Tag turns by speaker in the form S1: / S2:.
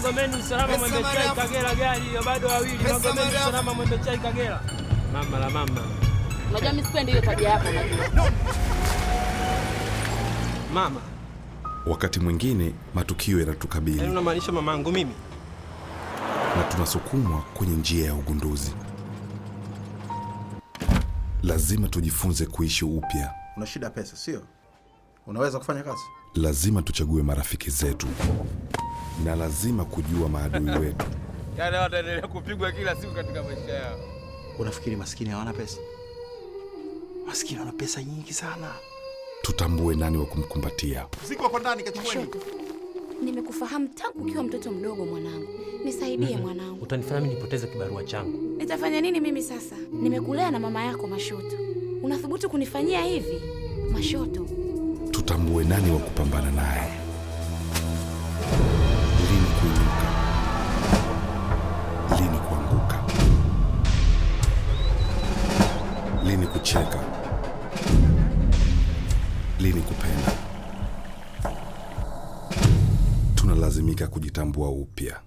S1: Magomeni Chai Kagera, gari hiyo bado wawili. Magomeni Chai Kagera,
S2: mama la mama.
S3: Unajua mimi sipendi hiyo tabia yako,
S2: mama.
S4: Wakati mwingine matukio yanatukabili.
S2: Yaani unamaanisha mamangu mimi?
S4: Na tunasukumwa kwenye njia ya ugunduzi. Lazima tujifunze kuishi upya.
S2: Una shida pesa, sio? Unaweza kufanya kazi?
S4: Lazima tuchague marafiki zetu na lazima kujua maadui wetu.
S2: Yaani wataendelea kupigwa kila siku katika maisha yao. Unafikiri maskini hawana pesa? Maskini wana pesa nyingi sana.
S4: Tutambue nani wa kumkumbatia.
S2: Mzigo wako ndani,
S5: kachukueni. Nimekufahamu tangu ukiwa mtoto mdogo mwanangu. Nisaidie mm -hmm. Mwanangu,
S6: utanifanya mimi nipoteze kibarua changu.
S5: Nitafanya nini mimi sasa? Nimekulea na mama yako Mashoto, unathubutu kunifanyia hivi Mashoto?
S4: Tutambue nani wa kupambana naye. lini kucheka, lini kupenda. Tunalazimika kujitambua upya.